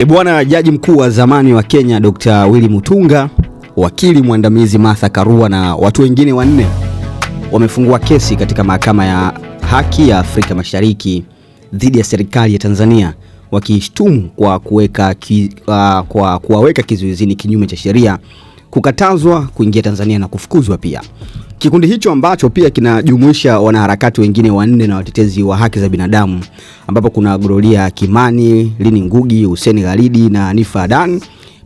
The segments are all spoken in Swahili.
E bwana jaji mkuu wa zamani wa Kenya Dr. Willy Mutunga, wakili mwandamizi Martha Karua na watu wengine wanne wamefungua kesi katika mahakama ya haki ya Afrika Mashariki dhidi ya serikali ya Tanzania wakishtumu kwa kuweka ki, uh, kwa kuwaweka kizuizini kinyume cha sheria kukatazwa kuingia Tanzania na kufukuzwa pia. Kikundi hicho ambacho pia kinajumuisha wanaharakati wengine wanne na watetezi wa haki za binadamu ambapo kuna Gloria Kimani, Lini Ngugi, Hussein Gharidi na Nifa Adan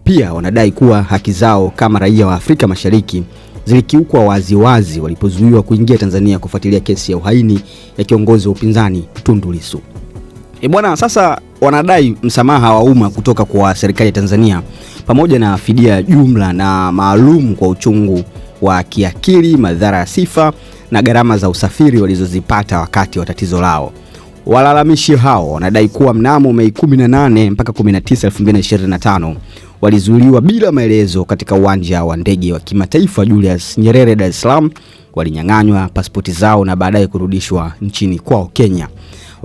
pia wanadai kuwa haki zao kama raia wa Afrika Mashariki zilikiukwa waziwazi walipozuiwa kuingia Tanzania kufuatilia kesi ya uhaini ya kiongozi wa upinzani Tundu Lissu. E bwana, sasa wanadai msamaha wa umma kutoka kwa serikali ya Tanzania pamoja na fidia jumla na maalum kwa uchungu wa kiakili, madhara ya sifa na gharama za usafiri walizozipata wakati wa tatizo lao. Walalamishi hao wanadai kuwa mnamo Mei 18 mpaka 19, 2025 walizuiliwa bila maelezo katika uwanja wa ndege wa kimataifa Julius Nyerere Dar es Salaam, walinyang'anywa pasipoti zao na baadaye kurudishwa nchini kwao Kenya.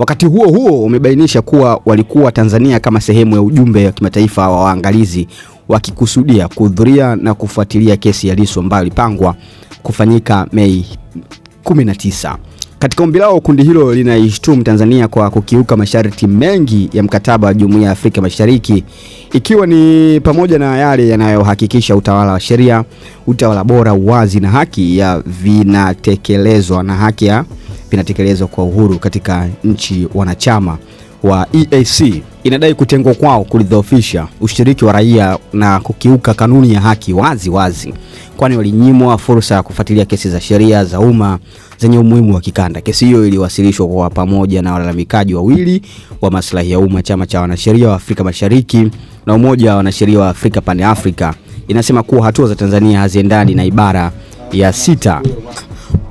Wakati huo huo umebainisha kuwa walikuwa Tanzania kama sehemu ya ujumbe wa kimataifa wa waangalizi wakikusudia kuhudhuria na kufuatilia kesi ya Lissu ambayo ilipangwa kufanyika Mei 19. Katika ombi lao, kundi hilo linaishtumu Tanzania kwa kukiuka masharti mengi ya mkataba wa Jumuiya ya Afrika Mashariki ikiwa ni pamoja na yale yanayohakikisha utawala wa sheria, utawala bora, uwazi na haki ya vinatekelezwa na haki ya vinatekelezwa kwa uhuru katika nchi wanachama wa EAC. Inadai kutengwa kwao kulidhoofisha ushiriki wa raia na kukiuka kanuni ya haki wazi wazi, kwani walinyimwa fursa ya kufuatilia kesi za sheria za umma zenye umuhimu wa kikanda. Kesi hiyo iliwasilishwa kwa pamoja na walalamikaji wawili wa maslahi ya umma, chama cha wanasheria wa Afrika Mashariki na umoja wa wanasheria wa Afrika Pan Africa. Inasema kuwa hatua za Tanzania haziendani na ibara ya sita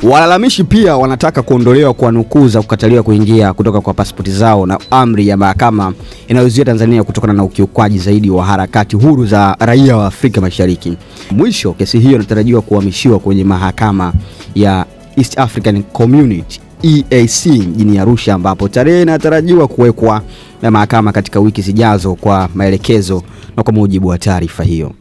Walalamishi pia wanataka kuondolewa kwa nukuu za kukataliwa kuingia kutoka kwa pasipoti zao na amri ya mahakama inayozuia Tanzania kutokana na ukiukwaji zaidi wa harakati huru za raia wa Afrika Mashariki. Mwisho, kesi hiyo inatarajiwa kuhamishiwa kwenye mahakama ya East African Community EAC mjini Arusha ambapo tarehe inatarajiwa kuwekwa na mahakama katika wiki zijazo kwa maelekezo na kwa mujibu wa taarifa hiyo.